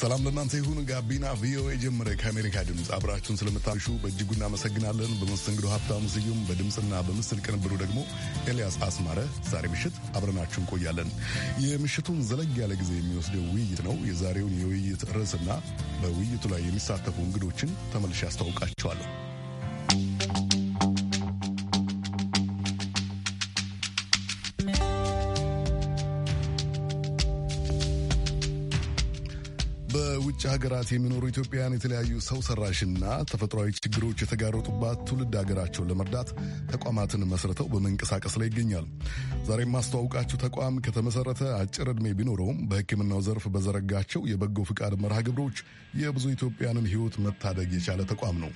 ሰላም ለእናንተ ይሁን። ጋቢና ቪኦኤ ጀመረ። ከአሜሪካ ድምፅ አብራችሁን ስለምታሹ በእጅጉ እናመሰግናለን። በመስተንግዶ ሀብታሙ ስዩም፣ በድምፅና በምስል ቅንብሩ ደግሞ ኤልያስ አስማረ። ዛሬ ምሽት አብረናችሁ እንቆያለን። የምሽቱን ዘለግ ያለ ጊዜ የሚወስደው ውይይት ነው። የዛሬውን የውይይት ርዕስና በውይይቱ ላይ የሚሳተፉ እንግዶችን ተመልሼ አስታውቃችኋለሁ። ውጭ ሀገራት የሚኖሩ ኢትዮጵያውያን የተለያዩ ሰው ሰራሽና ተፈጥሯዊ ችግሮች የተጋረጡባት ትውልድ ሀገራቸውን ለመርዳት ተቋማትን መስርተው በመንቀሳቀስ ላይ ይገኛሉ። ዛሬ የማስተዋውቃችሁ ተቋም ከተመሰረተ አጭር ዕድሜ ቢኖረውም በሕክምናው ዘርፍ በዘረጋቸው የበጎ ፍቃድ መርሃ ግብሮች የብዙ ኢትዮጵያንን ሕይወት መታደግ የቻለ ተቋም ነው።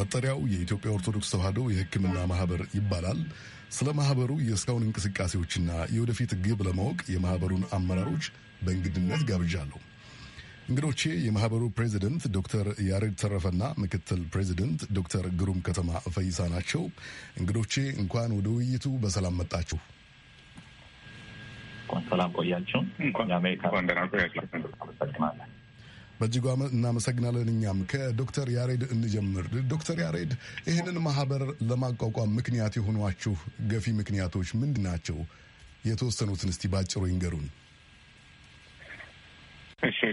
መጠሪያው የኢትዮጵያ ኦርቶዶክስ ተዋሕዶ የሕክምና ማህበር ይባላል። ስለ ማህበሩ የእስካሁን እንቅስቃሴዎችና የወደፊት ግብ ለማወቅ የማህበሩን አመራሮች በእንግድነት ጋብዣለሁ። እንግዶቼ የማህበሩ ፕሬዚደንት ዶክተር ያሬድ ተረፈና ምክትል ፕሬዚደንት ዶክተር ግሩም ከተማ ፈይሳ ናቸው። እንግዶቼ እንኳን ወደ ውይይቱ በሰላም መጣችሁ። በእጅጉ እናመሰግናለን። እኛም ከዶክተር ያሬድ እንጀምር። ዶክተር ያሬድ ይህንን ማህበር ለማቋቋም ምክንያት የሆኗችሁ ገፊ ምክንያቶች ምንድን ናቸው? የተወሰኑትን እስቲ ባጭሩ ይንገሩን።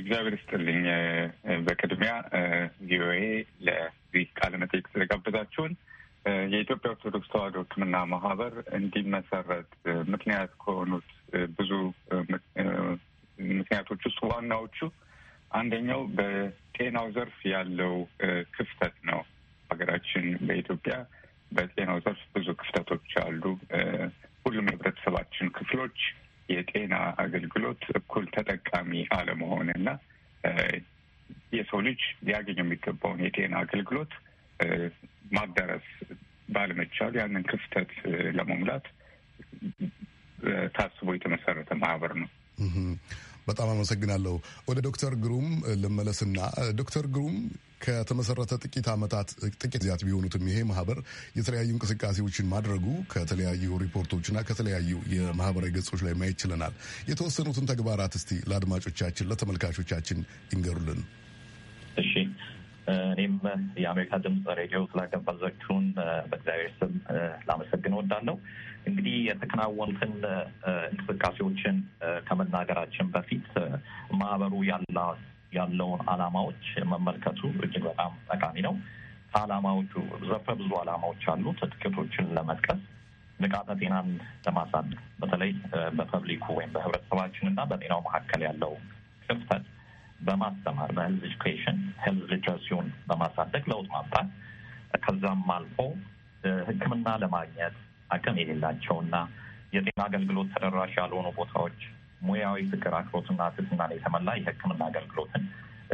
እግዚአብሔር ይስጥልኝ። በቅድሚያ ቪኦኤ ለዚህ ቃለ መጠይቅ ስለጋበዛችሁን የኢትዮጵያ ኦርቶዶክስ ተዋሕዶ ሕክምና ማህበር እንዲመሰረት ምክንያት ከሆኑት ብዙ ምክንያቶች ውስጥ ዋናዎቹ አንደኛው በጤናው ዘርፍ ያለው ክፍተት ነው። ሀገራችን በኢትዮጵያ በጤናው ዘርፍ ብዙ ክፍተቶች አሉ። ሁሉም የህብረተሰባችን ክፍሎች የጤና አገልግሎት እኩል ተጠቃሚ አለመሆንና የሰው ልጅ ሊያገኘው የሚገባውን የጤና አገልግሎት ማዳረስ ባለመቻሉ ያንን ክፍተት ለመሙላት ታስቦ የተመሰረተ ማህበር ነው። በጣም አመሰግናለሁ። ወደ ዶክተር ግሩም ልመለስና ዶክተር ግሩም ከተመሰረተ ጥቂት ዓመታት ጥቂት ጊዜያት ቢሆኑትም ይሄ ማህበር የተለያዩ እንቅስቃሴዎችን ማድረጉ ከተለያዩ ሪፖርቶችና ከተለያዩ የማህበራዊ ገጾች ላይ ማየት ችለናል። የተወሰኑትን ተግባራት እስቲ ለአድማጮቻችን ለተመልካቾቻችን ይንገሩልን። እሺ እኔም የአሜሪካ ድምፅ ሬዲዮ ስላጋበዛችሁን በእግዚአብሔር ስም ላመሰግን እወዳለሁ። እንግዲህ የተከናወኑትን እንቅስቃሴዎችን ከመናገራችን በፊት ማህበሩ ያላ ያለውን አላማዎች መመልከቱ እጅግ በጣም ጠቃሚ ነው። ከአላማዎቹ ዘርፈ ብዙ አላማዎች አሉ። ትጥቂቶችን ለመጥቀስ ንቃተ ጤናን ለማሳደግ በተለይ በፐብሊኩ ወይም በህብረተሰባችን እና በጤናው መካከል ያለው ክፍተት በማስተማር በሄልዝ ኤጁኬሽን ሄልዝ ሊትረሲውን በማሳደግ ለውጥ ማምጣት ከዛም አልፎ ሕክምና ለማግኘት አቅም የሌላቸውና የጤና አገልግሎት ተደራሽ ያልሆኑ ቦታዎች ሙያዊ ፍቅር፣ አክብሮትና ትህትናን የተመላ የሕክምና አገልግሎትን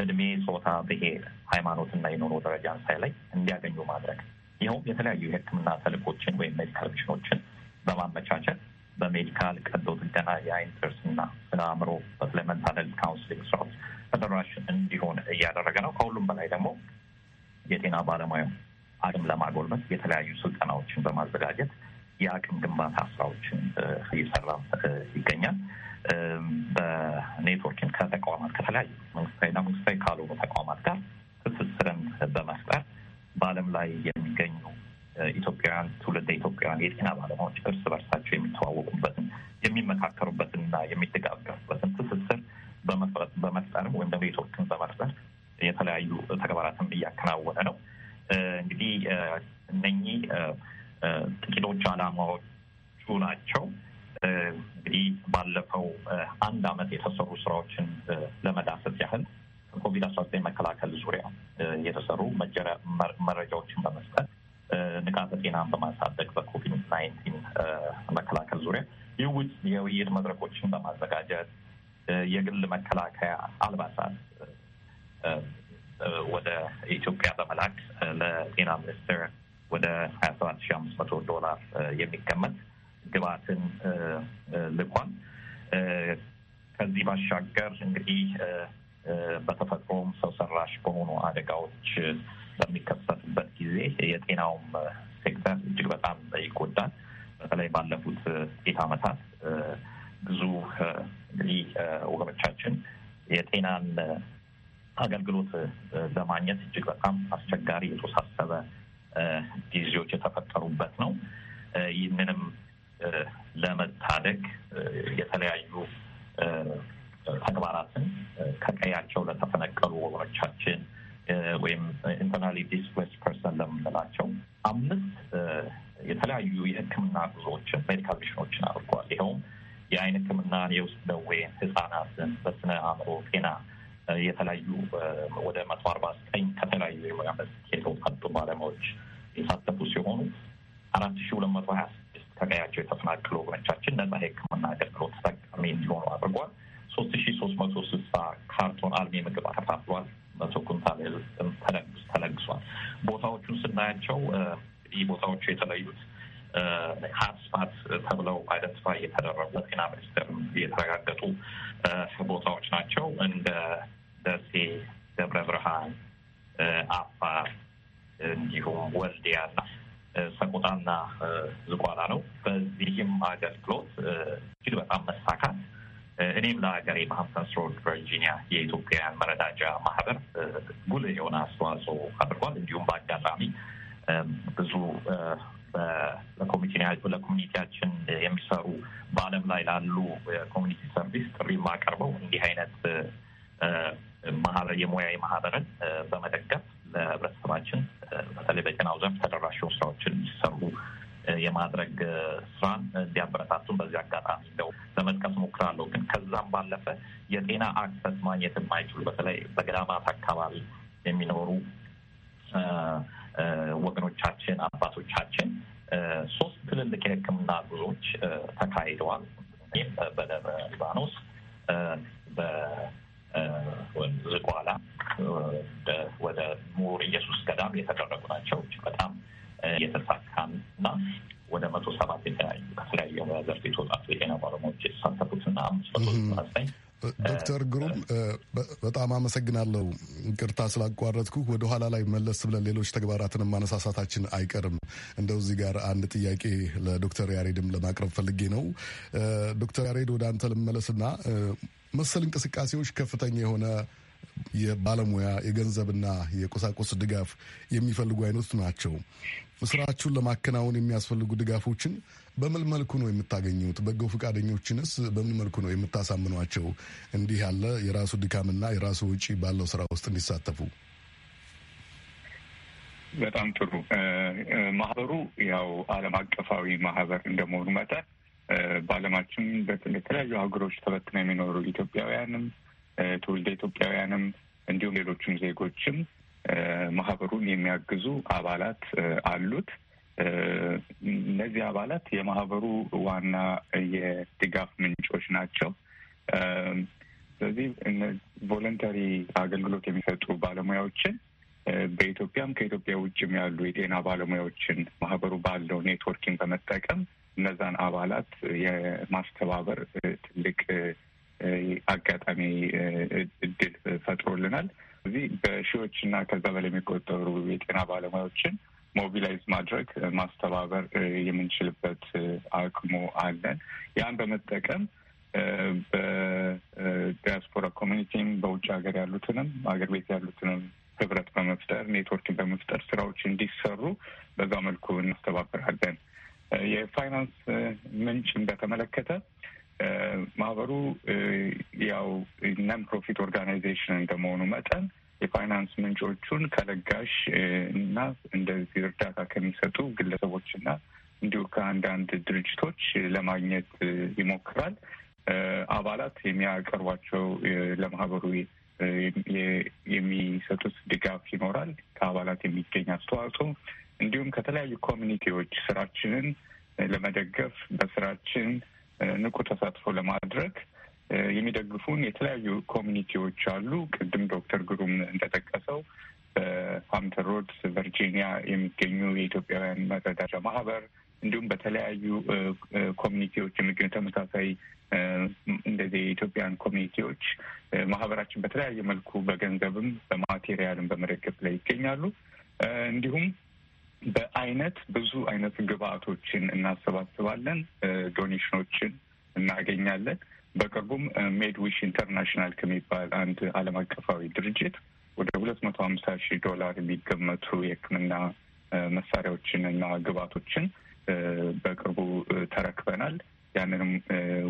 እድሜ፣ ጾታ፣ ብሔር፣ ሃይማኖትና የኑሮ ደረጃን ሳይለይ እንዲያገኙ ማድረግ ይኸውም የተለያዩ የሕክምና ተልእኮችን ወይም ሜዲካል ሚሽኖችን በማመቻቸት በሜዲካል ቀዶ ጥገና፣ የአይን ጥርስና ስነ አእምሮ በተለይ መንታል ካውንስሊንግ ስራዎች ተደራሽ እንዲሆን እያደረገ ነው። ከሁሉም በላይ ደግሞ የጤና ባለሙያው አቅም ለማጎልበት የተለያዩ ስልጠናዎችን በማዘጋጀት የአቅም ግንባታ ስራዎችን እየሰራ ይገኛል። በኔትወርኪንግ ከተቋማት ከተለያዩ መንግስታዊና መንግስታዊ ካልሆኑ ተቋማት ጋር ትስስርን በመፍጠር በዓለም ላይ የሚገኙ ኢትዮጵያውያን ትውልደ ኢትዮጵያውያን የጤና ባለሙያዎች እርስ በርሳቸው የሚተዋወቁበትን የሚመካከሩበትን እና የሚደጋገፉበትን ትስስር በመፍጠርም ወይም ደግሞ ኔትወርክን በመፍጠር የተለያዩ ተግባራትም እያከናወነ ነው። እንግዲህ እነኚህ ጥቂቶች አላማዎቹ ናቸው። እንግዲህ ባለፈው አንድ አመት የተሰሩ ስራዎችን ለመዳሰስ ያህል ከኮቪድ አስራ ዘጠኝ መከላከል ዙሪያ የተሰሩ መረጃዎችን በመስጠት ንቃተ ጤናን በማሳደግ በኮቪድ ናይንቲን መከላከል ዙሪያ የውይይት መድረኮችን በማዘጋጀት የግል መከላከያ አልባሳት ወደ ኢትዮጵያ በመላክ ለጤና ሚኒስቴር ወደ ሀያ ሰባት ሺ አምስት መቶ ዶላር የሚገመት ግብአትን ልኳል። ከዚህ ባሻገር እንግዲህ በተፈጥሮም ሰው ሰራሽ በሆኑ አደጋዎች በሚከሰትበት ጊዜ የጤናውም ሴክተር እጅግ በጣም ይጎዳል። በተለይ ባለፉት ጥቂት ዓመታት ብዙ እንግዲህ ወገኖቻችን የጤናን አገልግሎት ለማግኘት እጅግ በጣም አስቸጋሪ የተወሳሰበ ጊዜዎች የተፈጠሩበት ነው። ይህንንም ለመታደግ የተለያዩ ተግባራትን ከቀያቸው ለተፈነቀሉ ወገኖቻችን ወይም ኢንተርናሊ ዲስፕሌስ ፐርሰን ለምንላቸው አምስት የተለያዩ የሕክምና ጉዞዎችን ሜዲካል ሚሽኖችን አድርጓል። ይኸውም የአይን ሕክምናን፣ የውስጥ ደዌ፣ ህጻናትን፣ በስነ አእምሮ ጤና የተለያዩ ወደ መቶ አርባ ዘጠኝ ሰዎችን ነጻ የሕክምና አገልግሎት ተጠቃሚ እንዲሆኑ አድርጓል። ሶስት ሺ ሶስት መቶ ስልሳ ካርቶን አልሚ ምግብ አከፋፍሏል። መቶ ኩንታል ተለግሷል። ቦታዎቹን ስናያቸው ይህ ቦታዎቹ የተለዩት ሀትስፖት ተብለው አይደንቲፋይ የተደረጉ ጤና ሚኒስቴር የተረጋገጡ ቦታዎች ናቸው። እንደ ደሴ፣ ደብረ ብርሃን፣ አፋር እንዲሁም ወልዲያ ወልዲያና ሰቆጣና ዝቋላ ነው። በዚህም አገልግሎት እጅግ በጣም መሳካት እኔም ለሀገሬ በሃምፕተንስ ሮድ ቨርጂኒያ የኢትዮጵያውያን መረዳጃ ማህበር ጉልህ የሆነ አስተዋጽኦ አድርጓል። እንዲሁም በአጋጣሚ ብዙ ለኮሚኒቲያችን የሚሰሩ በዓለም ላይ ላሉ የኮሚኒቲ ሰርቪስ ጥሪ ማቀርበው እንዲህ አይነት የሙያዊ ማህበርን በመደገፍ ለህብረተሰባችን በተለይ በጤናው ዘርፍ ተደራሽ ስራዎችን እንዲሰሩ የማድረግ ስራን እንዲያበረታቱን በዚህ አጋጣሚ እንደው ለመጥቀስ ሞክራለሁ። ግን ከዛም ባለፈ የጤና አክሰስ ማግኘት የማይችሉ በተለይ በገዳማት አካባቢ የሚኖሩ ወገኖቻችን፣ አባቶቻችን ሶስት ትልልቅ የህክምና ጉዞዎች ተካሂደዋል። ይህም በደብረ ሊባኖስ ምናምን የተደረጉ ናቸው። እጅግ በጣም የተሳካን እና ወደ መቶ ሰባት የተለያዩ ከተለያዩ የሙያ ዘርፍ የተወጣጡ የጤና ባለሙያዎች የተሳተፉት እና አምስት መቶ ዘጠኝ ዶክተር ግሩም በጣም አመሰግናለሁ። ቅርታ ስላቋረጥኩ ወደኋላ ላይ መለስ ብለን ሌሎች ተግባራትን ማነሳሳታችን አይቀርም። እንደው እዚህ ጋር አንድ ጥያቄ ለዶክተር ያሬድም ለማቅረብ ፈልጌ ነው። ዶክተር ያሬድ ወደ አንተ ልመለስና መሰል እንቅስቃሴዎች ከፍተኛ የሆነ የባለሙያ የገንዘብና የቁሳቁስ ድጋፍ የሚፈልጉ አይነት ናቸው። ስራችሁን ለማከናወን የሚያስፈልጉ ድጋፎችን በምን መልኩ ነው የምታገኙት? በጎ ፈቃደኞችንስ በምን መልኩ ነው የምታሳምኗቸው? እንዲህ ያለ የራሱ ድካምና የራሱ ውጪ ባለው ስራ ውስጥ እንዲሳተፉ። በጣም ጥሩ። ማህበሩ ያው ዓለም አቀፋዊ ማህበር እንደመሆኑ መጠን በዓለማችን የተለያዩ ሀገሮች ተበትነው የሚኖሩ ኢትዮጵያውያንም ትውልደ ኢትዮጵያውያንም እንዲሁም ሌሎችም ዜጎችም ማህበሩን የሚያግዙ አባላት አሉት። እነዚህ አባላት የማህበሩ ዋና የድጋፍ ምንጮች ናቸው። ስለዚህ ቮለንተሪ አገልግሎት የሚሰጡ ባለሙያዎችን በኢትዮጵያም ከኢትዮጵያ ውጭም ያሉ የጤና ባለሙያዎችን ማህበሩ ባለው ኔትወርኪንግ በመጠቀም እነዛን አባላት የማስተባበር ትልቅ አጋጣሚ እድል ፈጥሮልናል። እዚህ በሺዎች እና ከዛ በላይ የሚቆጠሩ የጤና ባለሙያዎችን ሞቢላይዝ ማድረግ ማስተባበር የምንችልበት አቅሙ አለን። ያን በመጠቀም በዲያስፖራ ኮሚኒቲም በውጭ ሀገር ያሉትንም ሀገር ቤት ያሉትንም ህብረት በመፍጠር ኔትወርክን በመፍጠር ስራዎች እንዲሰሩ በዛ መልኩ እናስተባብራለን። የፋይናንስ ምንጭን በተመለከተ ማህበሩ ያው ነን ፕሮፊት ኦርጋናይዜሽን እንደመሆኑ መጠን የፋይናንስ ምንጮቹን ከለጋሽ እና እንደዚህ እርዳታ ከሚሰጡ ግለሰቦችና እንዲሁ ከአንዳንድ ድርጅቶች ለማግኘት ይሞክራል። አባላት የሚያቀርቧቸው ለማህበሩ የሚሰጡት ድጋፍ ይኖራል። ከአባላት የሚገኝ አስተዋጽኦ እንዲሁም ከተለያዩ ኮሚኒቲዎች ስራችንን ለመደገፍ በስራችን ንቁ ተሳትፎ ለማድረግ የሚደግፉን የተለያዩ ኮሚኒቲዎች አሉ። ቅድም ዶክተር ግሩም እንደጠቀሰው በሃምተን ሮድስ ቨርጂኒያ የሚገኙ የኢትዮጵያውያን መረዳጃ ማህበር እንዲሁም በተለያዩ ኮሚኒቲዎች የሚገኙ ተመሳሳይ እንደዚህ የኢትዮጵያን ኮሚኒቲዎች ማህበራችን በተለያየ መልኩ በገንዘብም በማቴሪያልም በመደገፍ ላይ ይገኛሉ። እንዲሁም በአይነት ብዙ አይነት ግብአቶችን እናሰባስባለን። ዶኔሽኖችን እናገኛለን። በቅርቡም ሜድዊሽ ኢንተርናሽናል ከሚባል አንድ ዓለም አቀፋዊ ድርጅት ወደ ሁለት መቶ ሀምሳ ሺህ ዶላር የሚገመቱ የሕክምና መሳሪያዎችን እና ግብአቶችን በቅርቡ ተረክበናል። ያንንም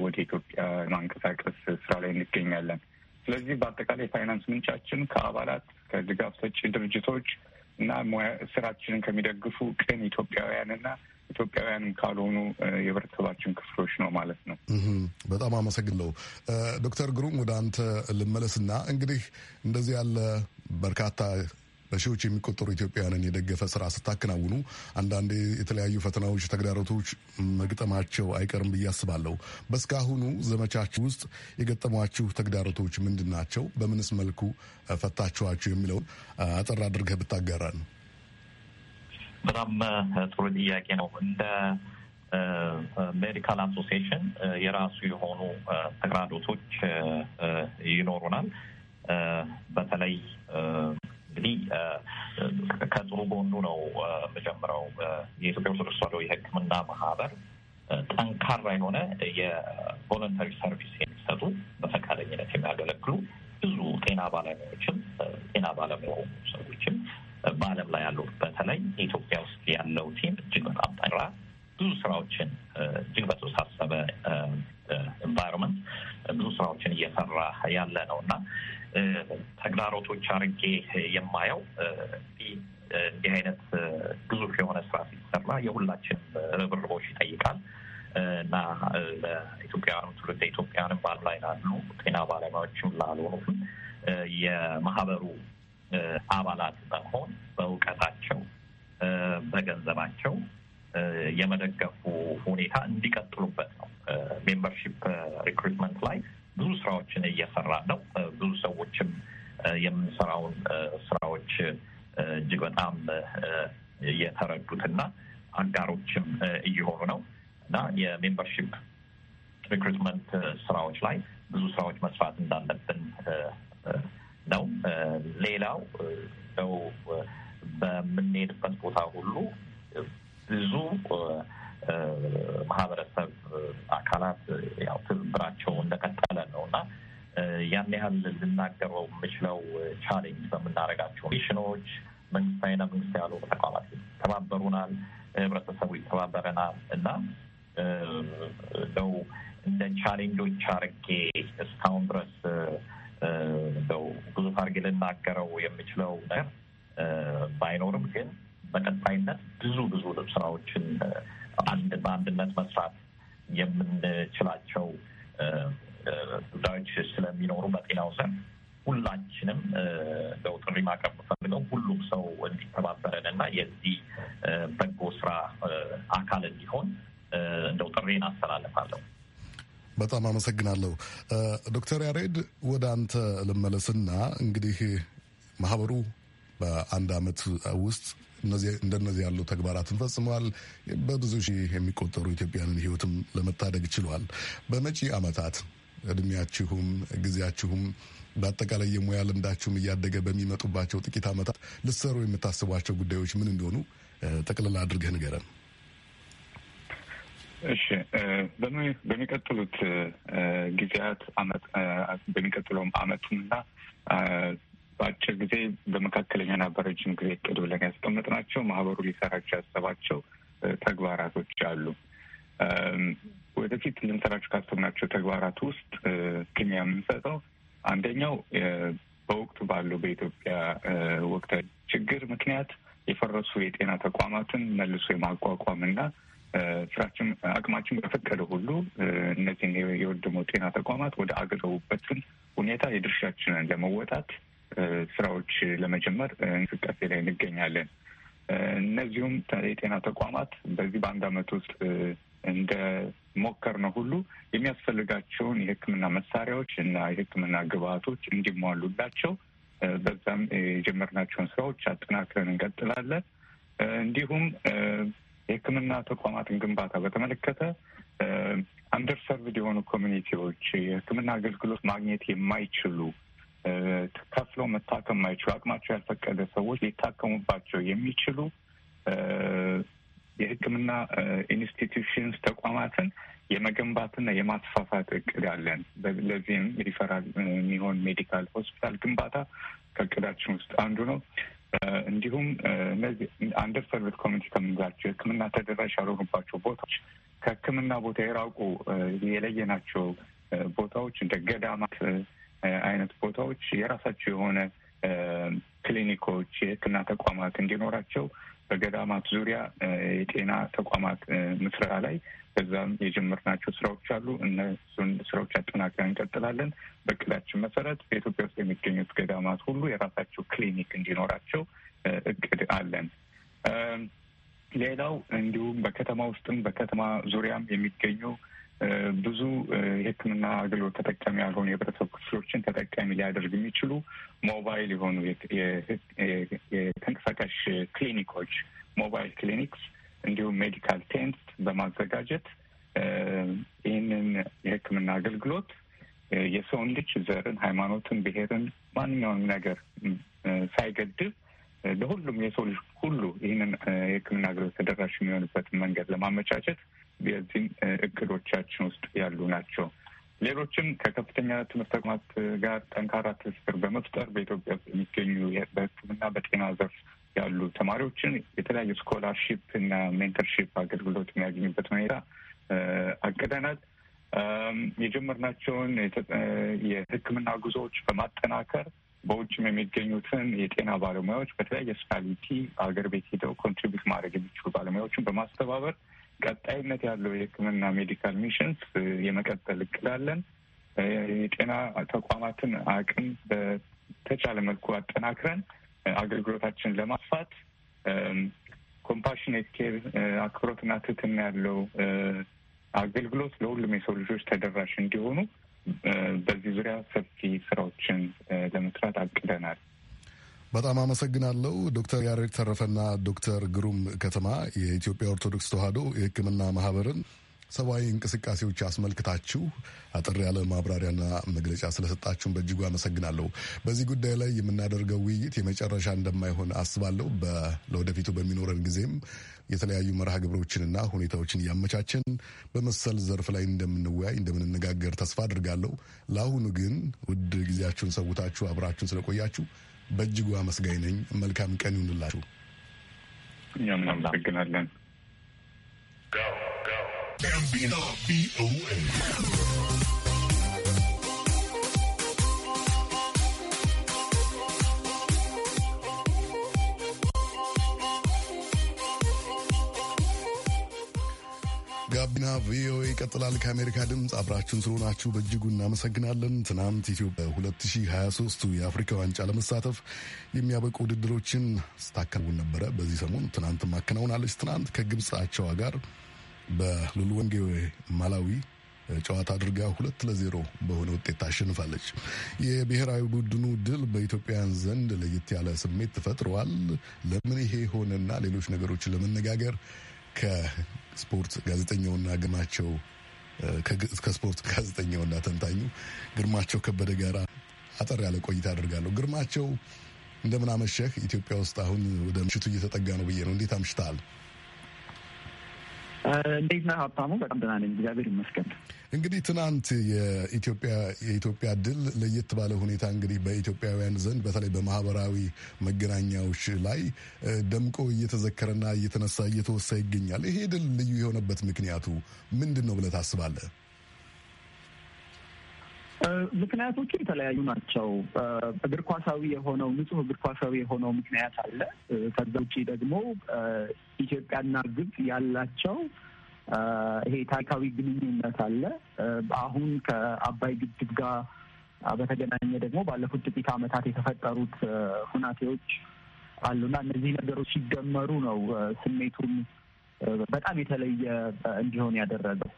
ወደ ኢትዮጵያ ማንቀሳቀስ ስራ ላይ እንገኛለን። ስለዚህ በአጠቃላይ የፋይናንስ ምንጫችን ከአባላት ከድጋፍ ሰጪ ድርጅቶች እና ስራችንን ከሚደግፉ ቅን ኢትዮጵያውያን ኢትዮጵያውያንም ካልሆኑ የህብረተሰባችን ክፍሎች ነው ማለት ነው። በጣም ለው ዶክተር ግሩም ወደ አንተ ልመለስና እንግዲህ እንደዚህ ያለ በርካታ በሺዎች የሚቆጠሩ ኢትዮጵያውያንን የደገፈ ስራ ስታከናውኑ አንዳንዴ የተለያዩ ፈተናዎች፣ ተግዳሮቶች መግጠማቸው አይቀርም ብዬ አስባለሁ። በእስካሁኑ ዘመቻችሁ ውስጥ የገጠሟችሁ ተግዳሮቶች ምንድን ናቸው? በምንስ መልኩ ፈታችኋቸው የሚለውን አጠር አድርገህ ብታጋራን? በጣም ጥሩ ጥያቄ ነው። እንደ ሜዲካል አሶሲሽን የራሱ የሆኑ ተግዳሮቶች ይኖሩናል። በተለይ እንግዲህ ከጥሩ ጎኑ ነው መጀመሪያው የኢትዮጵያ ኦርቶዶክስ ተዋሕዶ የሕክምና ማህበር ጠንካራ የሆነ የቮለንተሪ ሰርቪስ የሚሰጡ በፈቃደኝነት የሚያገለግሉ ብዙ ጤና ባለሙያዎችም ጤና ባለሙያ ሰዎችም በዓለም ላይ ያሉ በተለይ ኢትዮጵያ ውስጥ ያለው ቲም እጅግ በጣም ጠራ ብዙ ስራዎችን እጅግ በተወሳሰበ ኤንቫይሮንመንት ብዙ ስራዎችን እየሰራ ያለ ነው እና ተግዳሮቶች አድርጌ የማየው እንዲህ አይነት ግዙፍ የሆነ ስራ ሲሰራ የሁላችንም ርብርቦች ይጠይቃል እና ለኢትዮጵያውያንም ትውልደ ኢትዮጵያውያንም በዓለም ላይ ላሉ ጤና ባለሙያዎችም ላልሆኑትም የማህበሩ አባላት በመሆን በእውቀታቸው፣ በገንዘባቸው የመደገፉ ሁኔታ እንዲቀጥሉበት ነው። ሜምበርሺፕ ሪክሩትመንት ላይ ብዙ ስራዎችን እየሰራን ነው። ብዙ ሰዎችም የምንሰራውን ስራዎች እጅግ በጣም እየተረዱትና አጋሮችም እየሆኑ ነው እና የሜምበርሺፕ ሪክሩትመንት ስራዎች ላይ ብዙ ስራዎች መስራት እንዳለብን ነው። ሌላው ው በምንሄድበት ቦታ ሁሉ ብዙ ማህበረሰብ አካላት ያው ትብብራቸው እንደቀጠለ ነው እና ያን ያህል ልናገረው የምችለው ቻሌንጅ በምናደርጋቸው ሚሽኖች መንግስታዊና መንግስት ያሉ ተቋማት ተባበሩናል፣ ህብረተሰቡ ይተባበረናል እና እንደው እንደ ቻሌንጆች አርጌ እስካሁን ድረስ እንደው ግዙፍ አርጌ ልናገረው የምችለው ነገር ባይኖርም ግን በቀጣይነት ብዙ ብዙ ስራዎችን በአንድነት መስራት የምንችላቸው ጉዳዮች ስለሚኖሩ በጤናው ዘርፍ ሁላችንም እንደው ጥሪ ማቅረብ የምፈልገው ሁሉም ሰው እንዲተባበረን እና የዚህ በጎ ስራ አካል እንዲሆን እንደው ጥሬን አስተላልፋለሁ። በጣም አመሰግናለሁ ዶክተር ያሬድ ወደ አንተ ልመለስና እንግዲህ ማህበሩ በአንድ አመት ውስጥ እንደነዚህ ያሉ ተግባራትን ፈጽመዋል። በብዙ ሺህ የሚቆጠሩ ኢትዮጵያንን ህይወትም ለመታደግ ችሏል። በመጪ ዓመታት እድሜያችሁም ጊዜያችሁም በአጠቃላይ የሙያ ልምዳችሁም እያደገ በሚመጡባቸው ጥቂት ዓመታት ልትሰሩ የምታስቧቸው ጉዳዮች ምን እንደሆኑ ጠቅልላ አድርገህ ንገረን። እሺ፣ በሚቀጥሉት ጊዜያት በሚቀጥለውም ዓመትና በአጭር ጊዜ፣ በመካከለኛና በረጅም ጊዜ እቅድ ብለን ያስቀመጥናቸው ማህበሩ ሊሰራቸው ያሰባቸው ተግባራቶች አሉ። ወደፊት ልንሰራቸው ካሰብናቸው ተግባራት ውስጥ ቅድሚያ የምንሰጠው አንደኛው በወቅቱ ባለው በኢትዮጵያ ወቅታዊ ችግር ምክንያት የፈረሱ የጤና ተቋማትን መልሶ የማቋቋም እና ስራችን አቅማችን በፈቀደ ሁሉ እነዚህን የወደሙ ጤና ተቋማት ወደ አገረቡበትን ሁኔታ የድርሻችንን ለመወጣት ስራዎች ለመጀመር እንቅስቃሴ ላይ እንገኛለን። እነዚሁም የጤና ተቋማት በዚህ በአንድ አመት ውስጥ እንደ ሞከር ነው ሁሉ የሚያስፈልጋቸውን የሕክምና መሳሪያዎች እና የሕክምና ግብአቶች እንዲሟሉላቸው በዛም የጀመርናቸውን ስራዎች አጠናክረን እንቀጥላለን። እንዲሁም የሕክምና ተቋማትን ግንባታ በተመለከተ አንደር የሆኑ ኮሚኒቲዎች የሕክምና አገልግሎት ማግኘት የማይችሉ ከፍለው መታከም ማይችሉ አቅማቸው ያልፈቀደ ሰዎች ሊታከሙባቸው የሚችሉ የሕክምና ኢንስቲትዩሽንስ ተቋማትን የመገንባትና የማስፋፋት እቅድ አለን። ለዚህም ሪፈራል የሚሆን ሜዲካል ሆስፒታል ግንባታ ከእቅዳችን ውስጥ አንዱ ነው። እንዲሁም እነዚህ አንደር ሰርቪስ ኮሚኒቲ ከምንላቸው የሕክምና ተደራሽ ያልሆኑባቸው ቦታዎች ከሕክምና ቦታ የራቁ የለየናቸው ቦታዎች እንደ ገዳማት አይነት ቦታዎች የራሳቸው የሆነ ክሊኒኮች፣ የሕክምና ተቋማት እንዲኖራቸው በገዳማት ዙሪያ የጤና ተቋማት ምስረታ ላይ በዛም የጀመርናቸው ስራዎች አሉ። እነሱን ስራዎች አጠናክረን እንቀጥላለን። በእቅዳችን መሰረት በኢትዮጵያ ውስጥ የሚገኙት ገዳማት ሁሉ የራሳቸው ክሊኒክ እንዲኖራቸው እቅድ አለን። ሌላው እንዲሁም በከተማ ውስጥም በከተማ ዙሪያም የሚገኙ ብዙ የሕክምና አገልግሎት ተጠቃሚ ያልሆኑ የህብረተሰብ ክፍሎችን ተጠቃሚ ሊያደርግ የሚችሉ ሞባይል የሆኑ የተንቀሳቃሽ ክሊኒኮች ሞባይል ክሊኒክስ እንዲሁም ሜዲካል ቴንት በማዘጋጀት ይህንን የሕክምና አገልግሎት የሰውን ልጅ ዘርን፣ ሃይማኖትን፣ ብሔርን ማንኛውንም ነገር ሳይገድብ ለሁሉም የሰው ልጅ ሁሉ ይህንን የሕክምና አገልግሎት ተደራሽ የሚሆንበትን መንገድ ለማመቻቸት የዚህ እቅዶቻችን ውስጥ ያሉ ናቸው። ሌሎችም ከከፍተኛ ትምህርት ተቋማት ጋር ጠንካራ ትስስር በመፍጠር በኢትዮጵያ ውስጥ የሚገኙ በሕክምና በጤና ዘርፍ ያሉ ተማሪዎችን የተለያዩ ስኮላርሺፕ እና ሜንተርሺፕ አገልግሎት የሚያገኙበት ሁኔታ አቅደናል። የጀመርናቸውን የሕክምና ጉዞዎች በማጠናከር በውጭም የሚገኙትን የጤና ባለሙያዎች በተለያየ ስፔሻሊቲ አገር ቤት ሄደው ኮንትሪቢዩት ማድረግ የሚችሉ ባለሙያዎችን በማስተባበር ቀጣይነት ያለው የሕክምና ሜዲካል ሚሽንስ የመቀጠል እቅድ አለን። የጤና ተቋማትን አቅም በተቻለ መልኩ አጠናክረን አገልግሎታችን ለማስፋት ኮምፓሽኔት ኬር አክብሮትና ትህትና ያለው አገልግሎት ለሁሉም የሰው ልጆች ተደራሽ እንዲሆኑ በዚህ ዙሪያ ሰፊ ስራዎችን ለመስራት አቅደናል። በጣም አመሰግናለሁ ዶክተር ያሬድ ተረፈና ዶክተር ግሩም ከተማ የኢትዮጵያ ኦርቶዶክስ ተዋሕዶ የህክምና ማህበርን ሰብአዊ እንቅስቃሴዎች አስመልክታችሁ አጠር ያለ ማብራሪያና መግለጫ ስለሰጣችሁን በእጅጉ አመሰግናለሁ። በዚህ ጉዳይ ላይ የምናደርገው ውይይት የመጨረሻ እንደማይሆን አስባለሁ። ለወደፊቱ በሚኖረን ጊዜም የተለያዩ መርሃ ግብሮችንና ሁኔታዎችን እያመቻችን በመሰል ዘርፍ ላይ እንደምንወያይ እንደምንነጋገር ተስፋ አድርጋለሁ። ለአሁኑ ግን ውድ ጊዜያችሁን ሰውታችሁ አብራችሁን ስለቆያችሁ በእጅጉ አመስጋኝ ነኝ። መልካም ቀን ይሁንላችሁ። እኛም እናመሰግናለን። ጋቢና ቪኦኤ ይቀጥላል። ከአሜሪካ ድምፅ አብራችሁን ስለሆናችሁ በእጅጉ እናመሰግናለን። ትናንት ኢትዮጵያ 2023 የአፍሪካ ዋንጫ ለመሳተፍ የሚያበቁ ውድድሮችን ስታከናውን ነበረ። በዚህ ሰሞን ትናንት ማከናውናለች። ትናንት ከግብፅ አቻዋ ጋር በሉልወንጌ ማላዊ ጨዋታ አድርጋ ሁለት ለዜሮ በሆነ ውጤት ታሸንፋለች። የብሔራዊ ቡድኑ ድል በኢትዮጵያውያን ዘንድ ለየት ያለ ስሜት ተፈጥረዋል። ለምን ይሄ ሆነና ሌሎች ነገሮችን ለመነጋገር ከስፖርት ጋዜጠኛውና ግማቸው ከስፖርት ጋዜጠኛውና ተንታኙ ግርማቸው ከበደ ጋር አጠር ያለ ቆይታ አድርጋለሁ። ግርማቸው እንደምን አመሸህ? ኢትዮጵያ ውስጥ አሁን ወደ ምሽቱ እየተጠጋ ነው ብዬ ነው። እንዴት አምሽተሃል? እንዴት ነህ ሀብታሙ? በጣም ደህና ነኝ፣ እግዚአብሔር ይመስገን። እንግዲህ ትናንት የኢትዮጵያ ድል ለየት ባለ ሁኔታ እንግዲህ በኢትዮጵያውያን ዘንድ በተለይ በማህበራዊ መገናኛዎች ላይ ደምቆ እየተዘከረና እየተነሳ እየተወሳ ይገኛል። ይሄ ድል ልዩ የሆነበት ምክንያቱ ምንድን ነው ብለህ ታስባለህ? ምክንያቶቹ የተለያዩ ናቸው። እግር ኳሳዊ የሆነው ንጹህ እግር ኳሳዊ የሆነው ምክንያት አለ። ከዛ ውጪ ደግሞ ኢትዮጵያና ግብጽ ያላቸው ይሄ ታሪካዊ ግንኙነት አለ። አሁን ከአባይ ግድብ ጋር በተገናኘ ደግሞ ባለፉት ጥቂት ዓመታት የተፈጠሩት ሁናቴዎች አሉና እነዚህ ነገሮች ሲደመሩ ነው ስሜቱን በጣም የተለየ እንዲሆን ያደረገው።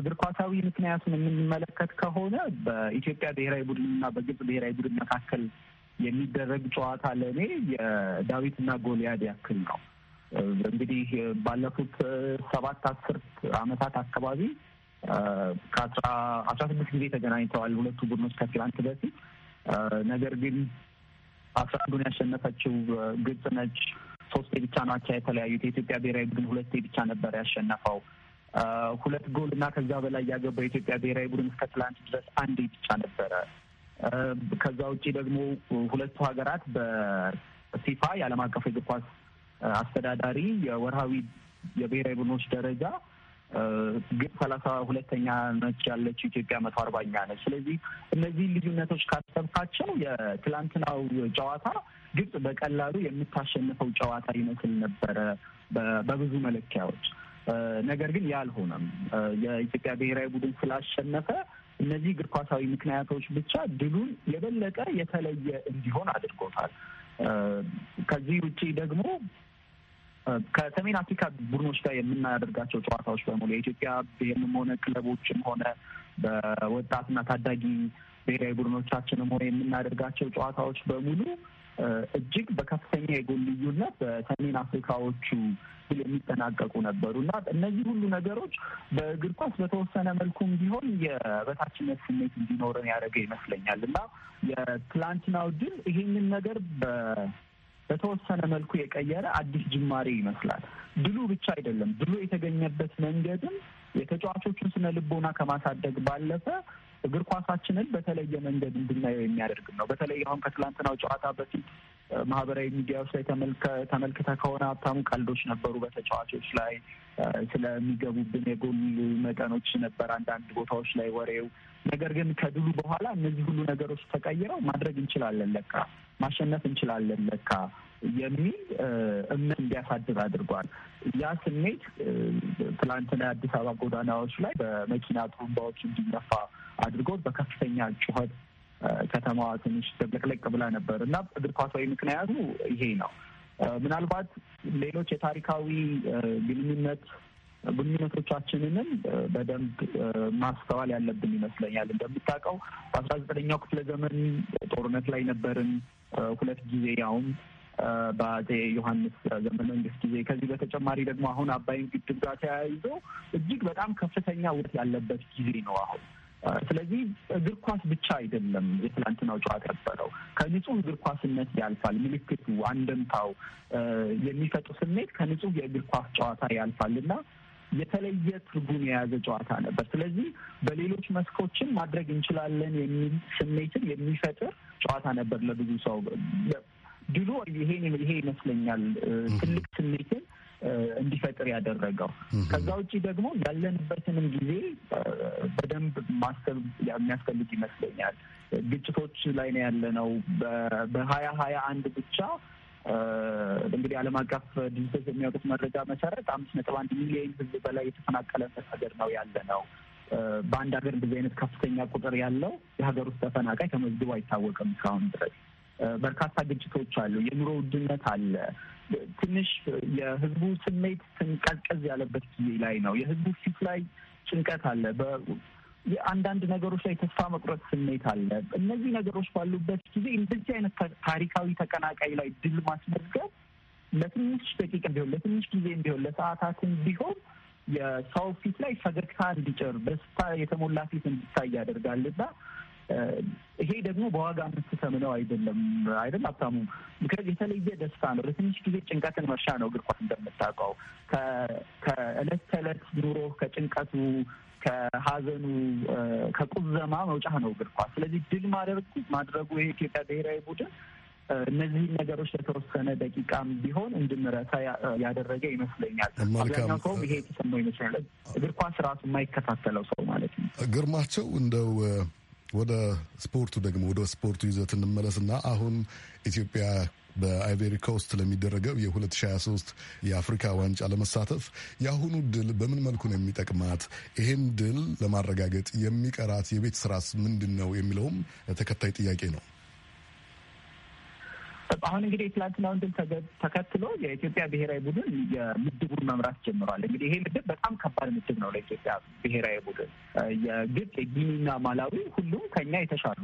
እግር ኳሳዊ ምክንያቱን የምንመለከት ከሆነ በኢትዮጵያ ብሔራዊ ቡድን እና በግብጽ ብሔራዊ ቡድን መካከል የሚደረግ ጨዋታ ለእኔ የዳዊትና ጎልያድ ያክል ነው። እንግዲህ ባለፉት ሰባት አስር ዓመታት አካባቢ ከአስራ አስራ ስድስት ጊዜ ተገናኝተዋል ሁለቱ ቡድኖች ከትላንት በፊት ነገር ግን አስራ አንዱን ያሸነፈችው ግብጽ ነች። ሶስቴ ብቻ ናቸው የተለያዩት። የኢትዮጵያ ብሔራዊ ቡድን ሁለቴ ብቻ ነበር ያሸነፈው። ሁለት ጎል እና ከዛ በላይ ያገባ የኢትዮጵያ ብሔራዊ ቡድን እስከ ትላንት ድረስ አንዴ ብቻ ነበረ። ከዛ ውጪ ደግሞ ሁለቱ ሀገራት በፊፋ የዓለም አቀፍ እግር ኳስ አስተዳዳሪ የወርሃዊ የብሔራዊ ቡድኖች ደረጃ ግብ ሰላሳ ሁለተኛ ነች ያለችው ኢትዮጵያ መቶ አርባኛ ነች። ስለዚህ እነዚህን ልዩነቶች ካሰብካቸው የትላንትናው ጨዋታ ግብጽ በቀላሉ የምታሸንፈው ጨዋታ ይመስል ነበረ በብዙ መለኪያዎች። ነገር ግን ያልሆነም የኢትዮጵያ ብሔራዊ ቡድን ስላሸነፈ እነዚህ እግር ኳሳዊ ምክንያቶች ብቻ ድሉን የበለጠ የተለየ እንዲሆን አድርጎታል። ከዚህ ውጪ ደግሞ ከሰሜን አፍሪካ ቡድኖች ጋር የምናደርጋቸው ጨዋታዎች በሙሉ የኢትዮጵያ ብሔርም ሆነ ክለቦችም ሆነ በወጣትና ታዳጊ ብሔራዊ ቡድኖቻችንም ሆነ የምናደርጋቸው ጨዋታዎች በሙሉ እጅግ በከፍተኛ የጎል ልዩነት በሰሜን አፍሪካዎቹ ብል የሚጠናቀቁ ነበሩ እና እነዚህ ሁሉ ነገሮች በእግር ኳስ በተወሰነ መልኩም ቢሆን የበታችነት ስሜት እንዲኖረን ያደረገ ይመስለኛል እና የትላንትናው ድል ይሄንን ነገር በተወሰነ መልኩ የቀየረ አዲስ ጅማሬ ይመስላል። ድሉ ብቻ አይደለም፣ ድሉ የተገኘበት መንገድም የተጫዋቾቹን ስነ ልቦና ከማሳደግ ባለፈ እግር ኳሳችንን በተለየ መንገድ እንድናየው የሚያደርግም ነው። በተለይ አሁን ከትላንትናው ጨዋታ በፊት ማህበራዊ ሚዲያዎች ላይ ተመልክተ ከሆነ ሀብታሙ ቀልዶች ነበሩ በተጫዋቾች ላይ ስለሚገቡብን የጎል መጠኖች ነበር አንዳንድ ቦታዎች ላይ ወሬው። ነገር ግን ከድሉ በኋላ እነዚህ ሁሉ ነገሮች ተቀይረው ማድረግ እንችላለን ለካ ማሸነፍ እንችላለን ለካ የሚል እምነት እንዲያሳድር አድርጓል። ያ ስሜት ትላንትና የአዲስ አበባ ጎዳናዎች ላይ በመኪና ጥሩምባዎች እንዲነፋ አድርጎት በከፍተኛ ጩኸት ከተማዋ ትንሽ ደብለቅለቅ ብላ ነበር እና እግር ኳሳዊ ምክንያቱ ይሄ ነው። ምናልባት ሌሎች የታሪካዊ ግንኙነት ግንኙነቶቻችንንም በደንብ ማስተዋል ያለብን ይመስለኛል። እንደምታውቀው በአስራ ዘጠነኛው ክፍለ ዘመን ጦርነት ላይ ነበርን ሁለት ጊዜ ያውም በአጼ ዮሐንስ ዘመነ መንግስት ጊዜ። ከዚህ በተጨማሪ ደግሞ አሁን አባይን ግድብ ጋር ተያይዞ እጅግ በጣም ከፍተኛ ውጥ ያለበት ጊዜ ነው አሁን ስለዚህ እግር ኳስ ብቻ አይደለም የትላንትናው ጨዋታ የነበረው። ከንጹህ እግር ኳስነት ያልፋል። ምልክቱ፣ አንደምታው፣ የሚፈጡ ስሜት ከንጹህ የእግር ኳስ ጨዋታ ያልፋል እና የተለየ ትርጉም የያዘ ጨዋታ ነበር። ስለዚህ በሌሎች መስኮችን ማድረግ እንችላለን የሚል ስሜትን የሚፈጥር ጨዋታ ነበር ለብዙ ሰው ድሎ ይሄ ይሄ ይመስለኛል ትልቅ ስሜትን እንዲፈጥር ያደረገው። ከዛ ውጭ ደግሞ ያለንበትንም ጊዜ በደንብ ማሰብ የሚያስፈልግ ይመስለኛል። ግጭቶች ላይ ነው ያለነው። በሀያ ሀያ አንድ ብቻ እንግዲህ ዓለም አቀፍ ድርጅቶች የሚያወጡት መረጃ መሰረት አምስት ነጥብ አንድ ሚሊዮን ህዝብ በላይ የተፈናቀለበት ሀገር ነው ያለ ነው። በአንድ ሀገር እንደዚህ አይነት ከፍተኛ ቁጥር ያለው የሀገር ውስጥ ተፈናቃይ ተመዝግቦ አይታወቅም እስካሁን ድረስ። በርካታ ግጭቶች አሉ፣ የኑሮ ውድነት አለ። ትንሽ የህዝቡ ስሜት ትንቀዝቀዝ ያለበት ጊዜ ላይ ነው። የህዝቡ ፊት ላይ ጭንቀት አለ። አንዳንድ ነገሮች ላይ ተስፋ መቁረጥ ስሜት አለ። እነዚህ ነገሮች ባሉበት ጊዜ እንደዚህ አይነት ታሪካዊ ተቀናቃይ ላይ ድል ማስመዝገብ ለትንሽ ደቂቃ ቢሆን፣ ለትንሽ ጊዜ ቢሆን፣ ለሰዓታትን ቢሆን የሰው ፊት ላይ ፈገግታ እንዲጭር፣ ደስታ የተሞላ ፊት እንዲታይ ያደርጋልና ይሄ ደግሞ በዋጋ የምትሰምነው አይደለም አይደል? ሀብታሙ ምክንያቱ የተለየ ደስታ ነው። ለትንሽ ጊዜ ጭንቀትን መርሻ ነው እግር ኳስ እንደምታውቀው። ከእለት ተዕለት ኑሮ ከጭንቀቱ ከሀዘኑ ከቁዘማ መውጫ ነው እግር ኳስ። ስለዚህ ድል ማድረግ ማድረጉ የኢትዮጵያ ብሔራዊ ቡድን እነዚህን ነገሮች ለተወሰነ ደቂቃም ቢሆን እንድንረሳ ያደረገ ይመስለኛል። አብዛኛው ሰውም ይሄ የተሰማው ይመስላል። እግር ኳስ ራሱ የማይከታተለው ሰው ማለት ነው። ግርማቸው እንደው ወደ ስፖርቱ ደግሞ ወደ ስፖርቱ ይዘት እንመለስና አሁን ኢትዮጵያ በአይቬሪ ኮስት ለሚደረገው የ2023 የአፍሪካ ዋንጫ ለመሳተፍ የአሁኑ ድል በምን መልኩ ነው የሚጠቅማት? ይህን ድል ለማረጋገጥ የሚቀራት የቤት ስራስ ምንድን ነው የሚለውም ተከታይ ጥያቄ ነው። አሁን እንግዲህ የትላንትናውን ድል ተከትሎ የኢትዮጵያ ብሔራዊ ቡድን የምድቡን መምራት ጀምሯል። እንግዲህ ይሄ ምድብ በጣም ከባድ ምድብ ነው ለኢትዮጵያ ብሔራዊ ቡድን። የግብጽ፣ የጊኒና ማላዊ ሁሉም ከኛ የተሻሉ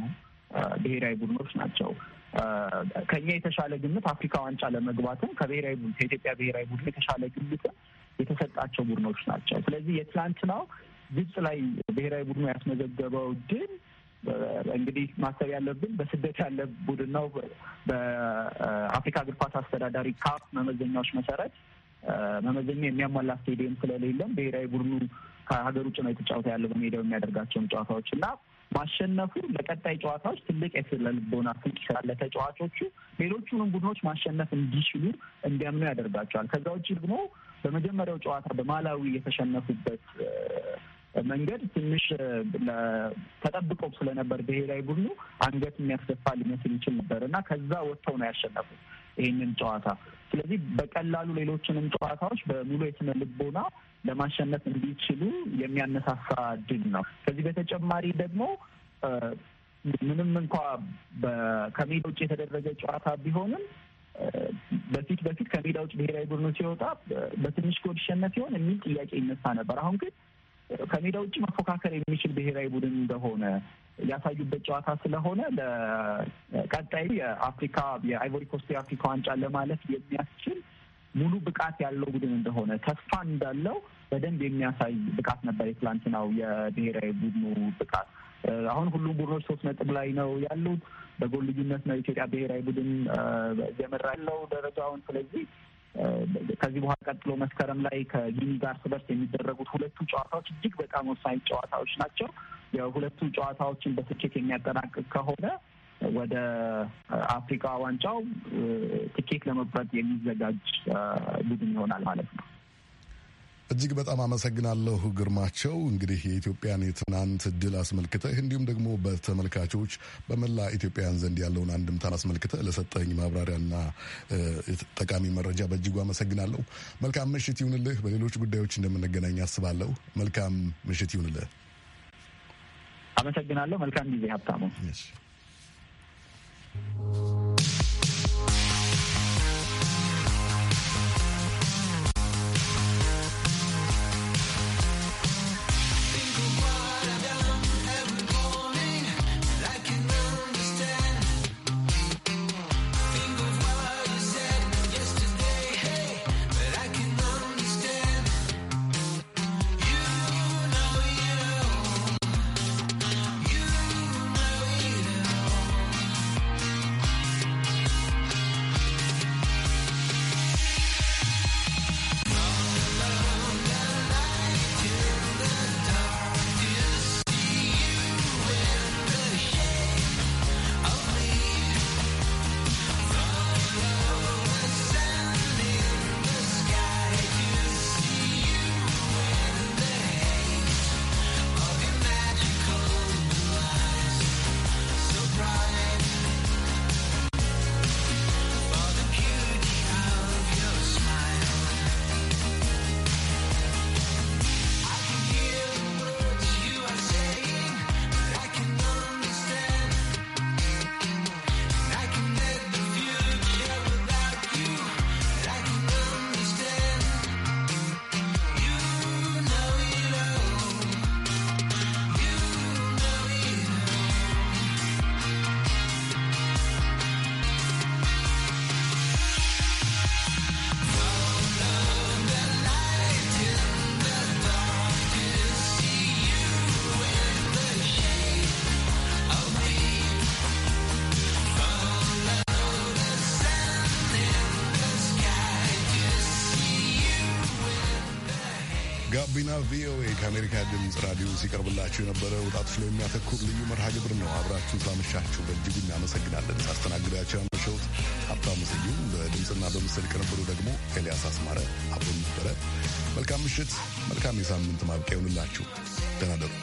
ብሔራዊ ቡድኖች ናቸው። ከኛ የተሻለ ግምት አፍሪካ ዋንጫ ለመግባትም ከብሔራዊ ቡድን ከኢትዮጵያ ብሔራዊ ቡድን የተሻለ ግምትም የተሰጣቸው ቡድኖች ናቸው። ስለዚህ የትላንትናው ግብጽ ላይ ብሔራዊ ቡድኑ ያስመዘገበው ድል እንግዲህ ማሰብ ያለብን በስደት ያለ ቡድን ነው። በአፍሪካ እግር ኳስ አስተዳዳሪ ካፍ መመዘኛዎች መሰረት መመዘኛ የሚያሟላ ስቴዲየም ስለሌለም ብሔራዊ ቡድኑ ከሀገር ውጭ ነው የተጫወተ ያለው በሜዳው የሚያደርጋቸውን ጨዋታዎች እና ማሸነፉ ለቀጣይ ጨዋታዎች ትልቅ የስለልቦና ስንቅ ይሰጣል። ለተጫዋቾቹ ሌሎቹንም ቡድኖች ማሸነፍ እንዲችሉ እንዲያምኑ ያደርጋቸዋል። ከዛ ውጭ ደግሞ በመጀመሪያው ጨዋታ በማላዊ የተሸነፉበት መንገድ ትንሽ ተጠብቆ ስለነበር ብሔራዊ ቡድኑ አንገት የሚያስደፋ ሊመስል ይችል ነበር እና ከዛ ወጥተው ነው ያሸነፉ ይህንን ጨዋታ። ስለዚህ በቀላሉ ሌሎችንም ጨዋታዎች በሙሉ የስነ ልቦና ለማሸነፍ እንዲችሉ የሚያነሳሳ ድል ነው። ከዚህ በተጨማሪ ደግሞ ምንም እንኳ ከሜዳ ውጭ የተደረገ ጨዋታ ቢሆንም በፊት በፊት ከሜዳ ውጭ ብሔራዊ ቡድኑ ሲወጣ በትንሽ ጎል ይሸነፍ ይሆን የሚል ጥያቄ ይነሳ ነበር። አሁን ግን ከሜዳ ውጭ መፎካከር የሚችል ብሔራዊ ቡድን እንደሆነ ያሳዩበት ጨዋታ ስለሆነ ለቀጣዩ የአፍሪካ የአይቮሪ ኮስት የአፍሪካ ዋንጫ ለማለፍ የሚያስችል ሙሉ ብቃት ያለው ቡድን እንደሆነ ተስፋ እንዳለው በደንብ የሚያሳይ ብቃት ነበር የትላንትናው የብሔራዊ ቡድኑ ብቃት። አሁን ሁሉም ቡድኖች ሶስት ነጥብ ላይ ነው ያሉት። በጎል ልዩነት ነው የኢትዮጵያ ብሔራዊ ቡድን እየመራ ያለው ደረጃውን። ስለዚህ ከዚህ በኋላ ቀጥሎ መስከረም ላይ ከጊኒ ጋር ስበርስ በርስ የሚደረጉት ሁለቱ ጨዋታዎች እጅግ በጣም ወሳኝ ጨዋታዎች ናቸው። የሁለቱ ጨዋታዎችን በስኬት የሚያጠናቅቅ ከሆነ ወደ አፍሪካ ዋንጫው ትኬት ለመቁረጥ የሚዘጋጅ ቡድን ይሆናል ማለት ነው። እጅግ በጣም አመሰግናለሁ ግርማቸው። እንግዲህ የኢትዮጵያን የትናንት ድል አስመልክተህ እንዲሁም ደግሞ በተመልካቾች በመላ ኢትዮጵያውያን ዘንድ ያለውን አንድምታን አስመልክተህ ለሰጠኝ ማብራሪያና ጠቃሚ መረጃ በእጅጉ አመሰግናለሁ። መልካም ምሽት ይሁንልህ። በሌሎች ጉዳዮች እንደምንገናኝ አስባለሁ። መልካም ምሽት ይሁንልህ። አመሰግናለሁ። መልካም ጊዜ ሀብታሙ። ጋቢና ቪኦኤ ከአሜሪካ ድምፅ ራዲዮ ሲቀርብላችሁ የነበረ ወጣት ፍሎ የሚያተኩር ልዩ መርሃ ግብር ነው። አብራችሁን ስላመሻችሁ በእጅጉ እናመሰግናለን። ሳስተናግዳቸው ያመሸሁት ሀብታሙ ስዩም፣ በድምፅና በምስል ቅንብሩ ደግሞ ኤልያስ አስማረ አብሮ ነበረ። መልካም ምሽት፣ መልካም የሳምንት ማብቂያ ይሁንላችሁ። ደህና ደሩ።